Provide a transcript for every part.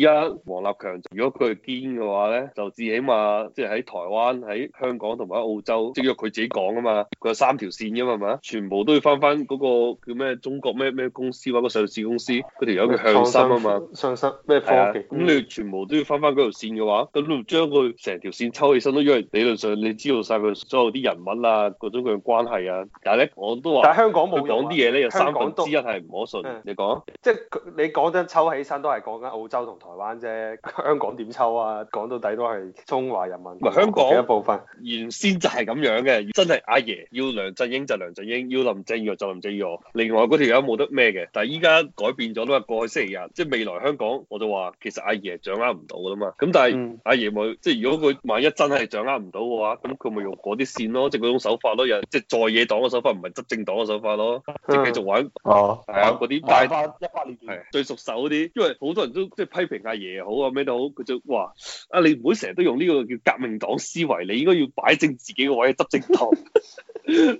依家王立強，如果佢堅嘅話咧，就至起碼，即係喺台灣、喺香港同埋喺澳洲，即係佢自己講啊嘛。佢有三條線啊嘛，全部都要翻翻嗰個叫咩中國咩咩公司或者、嗰個、上市公司嗰條友叫向心啊嘛，向心咩科技。咁、啊嗯、你全部都要翻翻嗰條線嘅話，咁你將佢成條線抽起身都，因為理論上你知道晒佢所有啲人物啊，各種佢嘅關係啊。但係咧，我都話，但係香港冇、啊，佢講啲嘢咧有三分之一係唔可信。你講，即係你講真抽起身都係講緊澳洲同台灣啫，香港點抽啊？講到底都係中華人民，香港一部分。原先就係咁樣嘅，真係阿爺要梁振英就梁振英，要林鄭月就林鄭月。另外嗰條友冇得咩嘅，但係依家改變咗都係。過去星期日，即係未來香港，我就話其實阿爺掌握唔到啦嘛。咁但係阿爺咪即係如果佢萬一真係掌握唔到嘅話，咁佢咪用嗰啲線咯，即係嗰種手法咯，又即係在野黨嘅手法，唔係執政黨嘅手法咯，即係、嗯、繼續玩哦，係啊，嗰啲帶翻一八年最熟手嗰啲，是因為好多人都即係批評。阿爺好啊，咩都好，佢就話，啊，你唔好成日都用呢個叫革命黨思維，你應該要擺正自己個位，執政黨。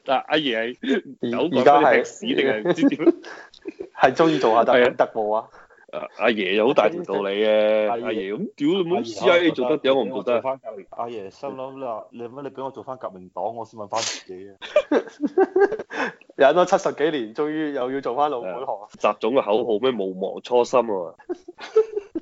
但阿爺係而家係歷史定係唔知點？係中意做下特特務啊？阿爺又好大條道理啊。阿爺，咁屌你冇 C I A 做得，屌，我唔做得？阿爺，心諗啦，你乜你俾我做翻革命黨，我先問翻自己啊！忍咗七十幾年，終於又要做翻老本行。習總嘅口號咩？勿忘初心。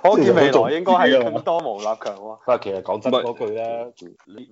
可 見未來應該係更多王立強是。但係其實講真嗰句咧，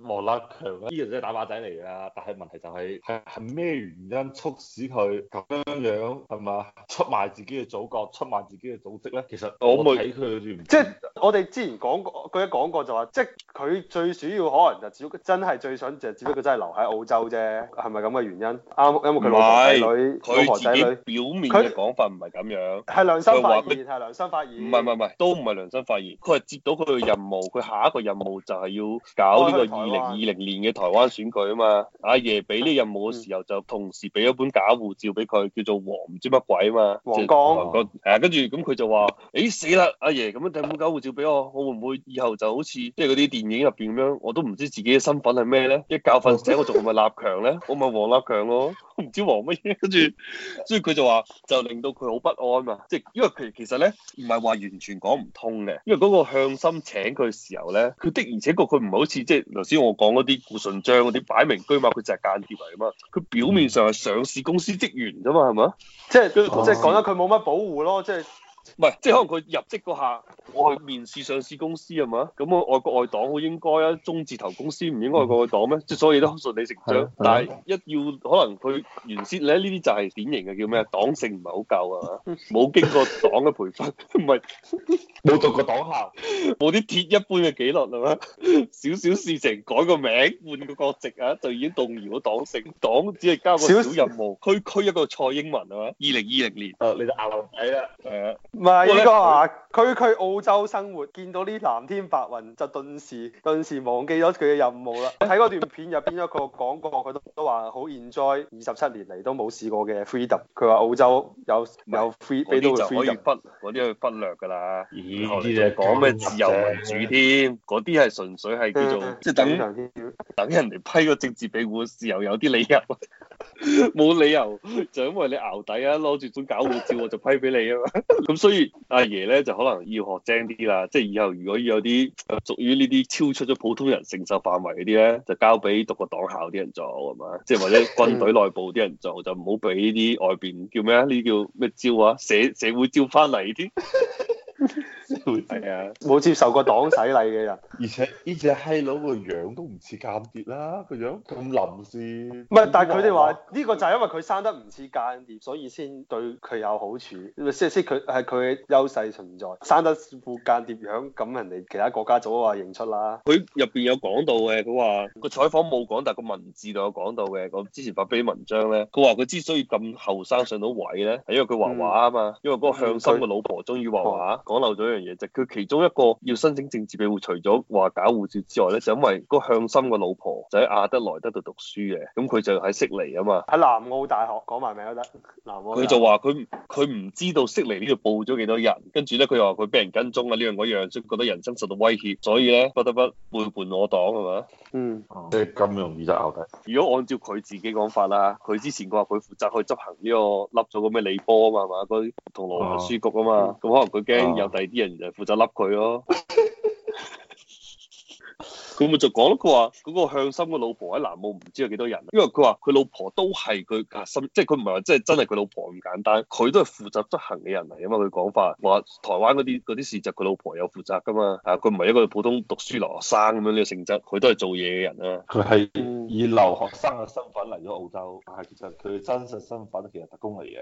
王立強呢人真係打把仔嚟噶。但係問題就係、是，係咩原因促使佢咁樣樣係嘛？是是出賣自己嘅祖國，出賣自己嘅組織咧？其實我睇佢，啲即係我哋之前講過，佢一講過就話，即係佢最主要可能就只，真係最想就只不過真係留喺澳洲啫，係咪咁嘅原因？阿有冇佢老婆仔女？佢自己表面嘅講法唔係咁樣，係良心發現，係你 良心發現。你 唔係唔係唔係，都唔係良心發現。佢係接到佢嘅任務，佢下一個任務就係要搞呢個二零二零年嘅台灣選舉啊嘛。阿、啊啊、爺俾呢任務嘅時候，就同時俾咗本假護照俾佢，叫做王，唔知乜鬼啊嘛。王剛光，誒、啊啊，跟住咁佢就話：誒死啦！阿、啊、爺，咁睇本假護照俾我，我會唔會以後就好似即係嗰啲電影入邊咁樣，我都唔知自己嘅身份係咩咧？一教訓醒我，仲係咪立強咧？ 我咪王立強咯，唔知王乜嘢。跟住，所以佢就話，就令到佢好不安啊！即係因為佢其實咧，唔係話。完全講唔通嘅，因為嗰個向心請佢嘅時候咧，佢的而且確佢唔係好似即係頭先我講嗰啲顧順章嗰啲擺明居馬，佢就係間諜嚟啊嘛，佢表面上係上市公司職員啫嘛，係咪啊？即係佢即係講得佢冇乜保護咯，即係。唔係，即係 muitas, 可能佢入職嗰下，我去面試上市公司係嘛？咁我外國外黨好應該啊，中字頭公司唔應該外國外黨咩？即所以都順理成章，但係一要可能佢原先咧呢啲就係典型嘅叫咩啊？黨性唔係好夠係嘛？冇經過黨嘅培訓，唔係冇讀過黨校，冇啲、就是、鐵一般嘅紀律啦咩？少少事情改個名換個國籍啊，就已經動搖咗黨性。黨只係交個小任務，小時區區一個蔡英文係嘛？二零二零年，誒、uh, 你就阿牛仔啦，係啊。唔係呢個啊，區區喂喂澳洲生活，見到啲藍天白雲就頓時頓時忘記咗佢嘅任務啦。睇嗰段片入邊一個講過，佢都都話好 enjoy，二十七年嚟都冇試過嘅 freedom。佢話澳洲有喂有 freedom，嗰啲就可以忽嗰啲去忽略㗎啦。咦，咦？呢啲仲講咩自由民主添？嗰啲係純粹係叫做即係、嗯、等等人嚟批個政治庇護，自由有啲理由。 冇 理由，就因為你淆底啊，攞住本搞護照我就批俾你啊嘛。咁 所以阿爺咧就可能要學精啲啦，即係以後如果要有啲屬於呢啲超出咗普通人承受範圍啲咧，就交俾讀過黨校啲人做係嘛，即係或者軍隊內部啲人做，就唔好俾啲外邊叫咩啊？呢啲叫咩招啊？社社會招翻嚟添。 係啊！冇接受過黨洗禮嘅人而，而且呢隻閪佬個樣都唔似間諜啦，個樣咁林先，唔係，但係佢哋話呢個就係因為佢生得唔似間諜，所以先對佢有好處。識識佢係佢嘅優勢存在，生得副間諜樣，咁人哋其他國家早都話認出啦。佢入邊有講到嘅，佢話個採訪冇講，但係個文字就有講到嘅。我之前發俾文章咧，佢話佢之所以咁後生上到位咧，係因為佢畫畫啊嘛，因為嗰個向心嘅老婆中意畫畫。嗯講漏咗一樣嘢就佢、係、其中一個要申請政治庇護，除咗話搞護照之外咧，就係、因為個向心個老婆就喺亞德萊德度讀書嘅，咁佢就喺悉尼啊嘛，喺南澳大學講埋名都得。南澳。佢就話佢佢唔知道悉尼呢度報咗幾多人，跟住咧佢又話佢俾人跟蹤啊，呢樣嗰樣，即覺得人生受到威脅，所以咧不得不背叛我黨係嘛？嗯。即咁容易就拗得。如果按照佢自己講法啦，佢之前佢話佢負責去執行呢、這個笠咗個咩李波啊嘛係嘛，嗰啲同羅文書局啊嘛，咁可能佢驚、嗯。有第二啲人就負責笠佢咯。 佢咪就講咯，佢話嗰個向心嘅老婆喺南澳唔知有幾多人，因為佢話佢老婆都係佢心，即係佢唔係話即係真係佢老婆咁簡單，佢都係負責執行嘅人嚟啊嘛。佢講法話台灣嗰啲啲事就佢老婆有負責㗎嘛，啊佢唔係一個普通讀書留學生咁樣呢個性質，佢都係做嘢嘅人啊。佢係以留學生嘅身份嚟咗澳洲，但係其實佢真實身份其實特工嚟嘅。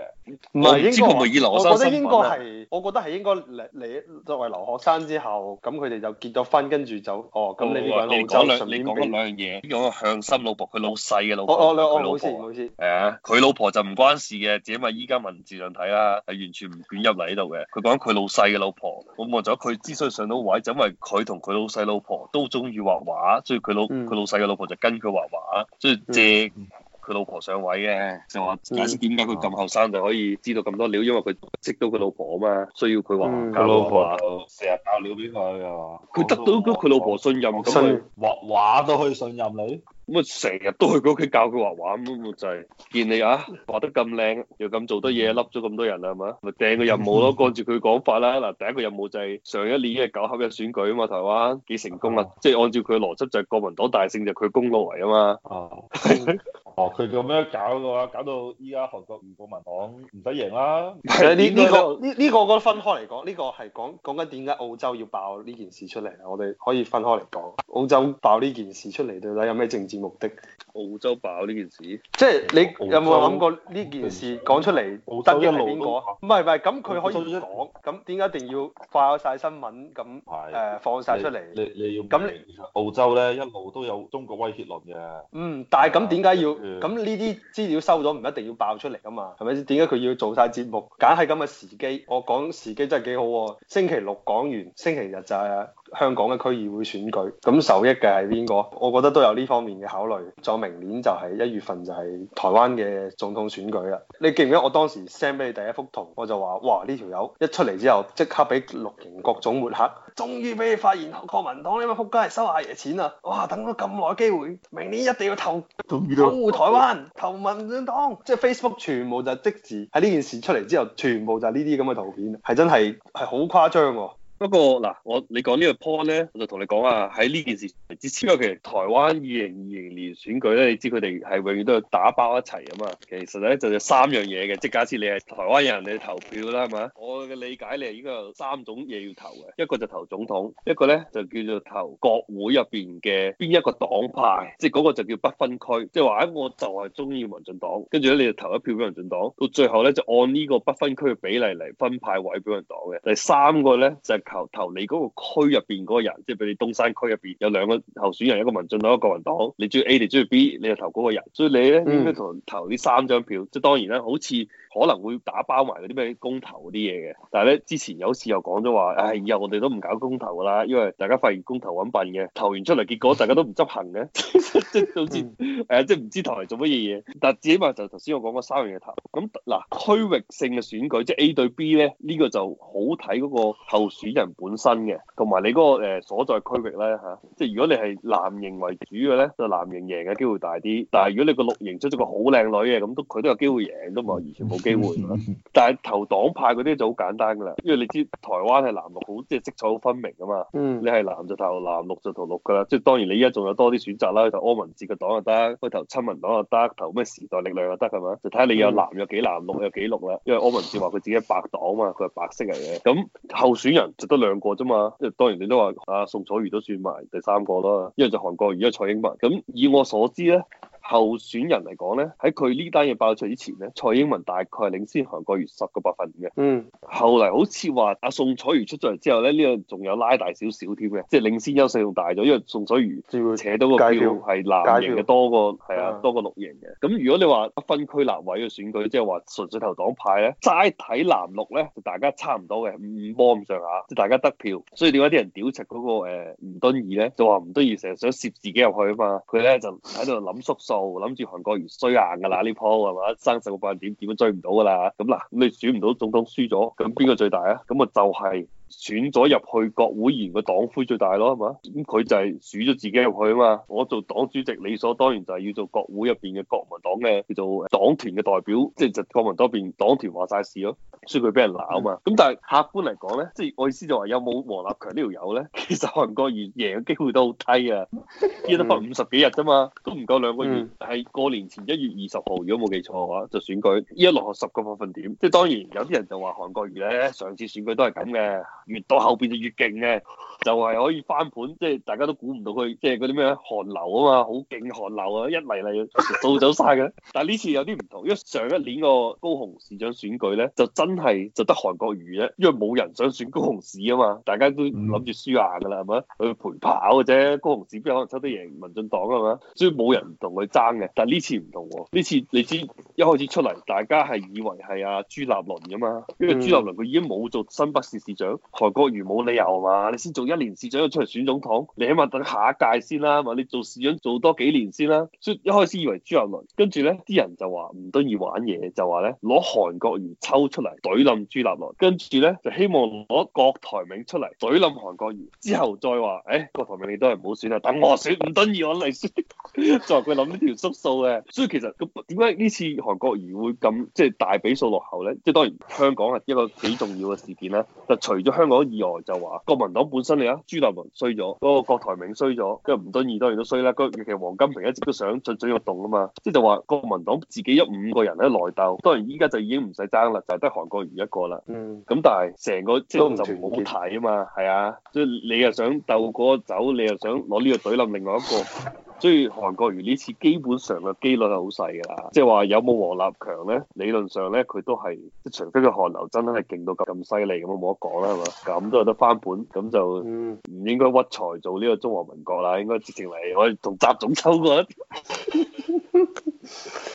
唔係應該，以留學生我覺得應該係，我覺得係應該嚟。你作為留學生之後，咁佢哋就結咗婚，跟住就哦咁你 你講兩，便便你講緊兩樣嘢。呢個向心老婆，佢老細嘅老婆，佢老婆，係啊，佢老婆就唔關事嘅，只因為依家文字上睇啦，係完全唔捲入嚟呢度嘅。佢講佢老細嘅老婆，咁望咗佢之所以上到位，就因為佢同佢老細老婆都中意畫畫，所以佢老佢、嗯、老細嘅老婆就跟佢畫畫，所以借。嗯佢老婆上位嘅，就話：點解佢咁後生就可以知道咁多料？因為佢識到佢老婆啊嘛，需要佢畫畫，老婆成日、嗯、教料俾佢啊，佢得到佢老婆信任，咁啊畫畫都可以信任你。咁啊，成日都去佢屋企教佢畫畫咁啊、嗯，就係、是、見你啊畫得咁靚，又咁做得嘢，笠咗咁多人啦，係嘛？咪訂個任務咯，按住佢講法啦。嗱， 第一個任務就係上一年嘅九合嘅選舉啊嘛，台灣幾成功啊！啊即係按照佢嘅邏輯，就係國民黨大勝就佢功勞嚟啊嘛。哦、啊。嗯哦，佢咁樣搞嘅話，搞到依家韓國唔國民黨唔使贏啦。係啊是，呢呢個呢呢個，我覺得分開嚟講，呢、呢個係講講緊點解澳洲要爆呢件事出嚟啊！我哋可以分開嚟講，澳洲爆呢件事出嚟到底有咩政治目的？澳洲爆呢件事，即係你有冇諗過呢件事講出嚟得益係邊個？唔係唔係，咁佢可以講，咁點解一定要發晒新聞咁誒是、呃、放晒出嚟？你你要咁那澳洲咧一路都有中國威脅論嘅。嗯，但係咁點解要？咁呢啲資料收咗唔一定要爆出嚟噶嘛，係咪先？點解佢要做晒節目？揀喺咁嘅時機。我講時機真係幾好、啊，星期六講完，星期日就係、啊。香港嘅區議會選舉，咁受益嘅係邊個？我覺得都有呢方面嘅考慮。再明年就係一月份就係台灣嘅總統選舉啦。你記唔記得我當時 send 俾你第一幅圖？我就話：哇！呢條友一出嚟之後，即刻俾綠營各種抹黑。 終於俾你發現國民黨呢班撲街係收阿爺錢啊！哇！等咗咁耐機會，明年一定要投保護台灣，投民進黨。 即係 Facebook 全部就係即時喺呢件事出嚟之後，全部就係呢啲咁嘅圖片，係真係係好誇張喎。不過嗱，我你講呢個 point 咧，我就同你講啊，喺呢件事之前啊，其實台灣二零二零年選舉咧，你知佢哋係永遠都要打包一齊啊嘛。其實咧就有、是、三樣嘢嘅，即係假設你係台灣人，你投票啦，係嘛？我嘅理解你係應該有三種嘢要投嘅，一個就投總統，一個咧就叫做投國會入邊嘅邊一個黨派，即係嗰個就叫不分區，即係話誒我就係中意民進黨，跟住咧你就投一票俾民進黨，到最後咧就按呢個不分區嘅比例嚟分派位俾民黨嘅。第三個咧就係、是。投投你嗰個區入邊嗰個人，即係譬如東山區入邊有兩個候選人，一個民進黨，一個國民黨，你中意 A 你中意 B，你就投嗰個人。所以你咧應該投、嗯、投啲三張票，即係當然啦，好似可能會打包埋嗰啲咩公投嗰啲嘢嘅。但係咧之前有次又講咗話，唉、哎，以後我哋都唔搞公投㗎啦，因為大家發現公投揾笨嘅，投完出嚟結果大家都唔執行嘅，即 係好似像誒，即係唔知投嚟做乜嘢嘢。但係至起碼就頭先我講嗰三樣嘢投。咁嗱區域性嘅選舉，即係 A 對 B 咧，呢、呢個就好睇嗰個候選人本身嘅，同埋你嗰個所在區域咧嚇、啊，即係如果你係藍營為主嘅咧，就藍營贏嘅機會大啲。但係如果你個綠營出咗個好靚女嘅，咁都佢都有機會贏都唔係完全冇機會。 但係投黨派嗰啲就好簡單㗎啦，因為你知台灣係藍綠好即係色彩好分明㗎嘛。嗯， 你係藍就投藍，綠就投綠㗎啦。即係當然你依家仲有多啲選擇啦，去投柯文哲嘅黨就得，去投親民黨就得，投咩時代力量就得係嘛？就睇下你有藍有幾藍，有藍綠有幾綠啦。因為柯文哲話佢自己係白黨啊嘛，佢係白色嚟嘅。咁候選人。得兩個啫嘛，即係當然你都話啊，宋楚瑜都算埋第三個啦。因為就韓國瑜，因為蔡英文。咁以我所知咧。候選人嚟講咧，喺佢呢單嘢爆咗出嚟之前咧，蔡英文大概係領先韓國瑜十個百分點嘅。嗯。後嚟好似話阿宋楚瑜出咗嚟之後咧，呢樣仲有拉大少少添嘅，即係領先優勢仲大咗，因為宋楚瑜扯到個票係藍營嘅多個，係啊多個綠營嘅。咁如果你話分區立委嘅選舉，即係話純粹投黨派咧，齋睇藍綠咧就大家差唔多嘅，五五波咁上下，即係大家得票。所以點解啲人屌柒嗰個誒吳敦義咧，就話吳敦義成日想攝自己入去啊嘛？佢咧就喺度諗叔叔。諗住韓國瑜衰硬噶啦，呢鋪係嘛？三十個百分點點樣追唔到噶啦？咁嗱，咁你選唔到總統輸咗，咁邊個最大啊？咁啊就係、就係。選咗入去國會議員嘅黨魁最大咯，係嘛？咁佢就係選咗自己入去啊嘛。我做黨主席，理所當然就係要做國會入邊嘅國民黨嘅叫做黨團嘅代表，即係就是、國民黨邊黨團話晒事咯。所以佢俾人鬧啊嘛。咁但係客觀嚟講咧，即、就、係、是、我意思就話有冇王立強呢條友咧？其實韓國瑜贏嘅機會都好低啊，依家得翻五十幾日啫嘛，都唔夠兩個月。係過 年前一月二十號，如果冇記錯嘅話，就選舉依家落後十個百分點。即、就、係、是、當然有啲人就話韓國瑜咧，上次選舉都係咁嘅。越到後邊就越勁嘅，就係、是、可以翻盤，即、就、係、是、大家都估唔到佢，即係嗰啲咩韓流啊嘛，好勁韓流啊，一嚟嚟到掃走晒嘅。但係呢次有啲唔同，因為上一年個高雄市長選舉咧，就真係就得韓國瑜啫，因為冇人想選高雄市啊嘛，大家都諗住輸硬㗎啦，係咪啊？去陪跑嘅啫，高雄市邊可能抽得贏民進黨啊嘛，所以冇人同佢爭嘅。但係呢次唔同喎、啊，呢次你知一開始出嚟，大家係以為係阿朱立倫㗎嘛，因為朱立倫佢已經冇做新北市市長。韓國瑜冇理由啊嘛，你先做一年市長又出嚟選總統，你起碼等下一屆先啦、啊、嘛，你做市長做多幾年先啦、啊。所以一開始以為朱立倫，跟住咧啲人就話吳敦義玩嘢，就話咧攞韓國瑜抽出嚟懟冧朱立倫，跟住咧就希望攞郭台銘出嚟懟冧韓國瑜，之後再話誒、哎、郭台銘你都係唔好選啊，等我選吳敦義我嚟選，就話佢諗呢條縮數嘅。所以其實點解呢次韓國瑜會咁即係大比數落後咧？即、就、係、是、當然香港係一個幾重要嘅事件啦，就除咗香香港意外就話國民黨本身你啊朱立文衰咗，嗰個郭台銘衰咗，跟住吳敦義當然都衰啦，佢尤其黃金平一直都想蠢蠢欲動啊嘛，即係就話、是、國民黨自己一五個人喺內鬥，當然依家就已經唔使爭啦，就係得韓國瑜一個啦。嗯。咁但係成個即係就唔好睇啊嘛，係啊，即係你又想鬥嗰個走，你又想攞呢個懟冧另外一個。 所以韓國瑜呢次基本上嘅機率係好細㗎啦，即係話有冇王立強呢？理論上呢，佢都係，除非個韓流真係勁到咁犀利咁，冇得講啦，係嘛？咁都有得翻本，咁就唔應該屈才做呢個中華民國啦，應該直情嚟我哋同習總抽過一。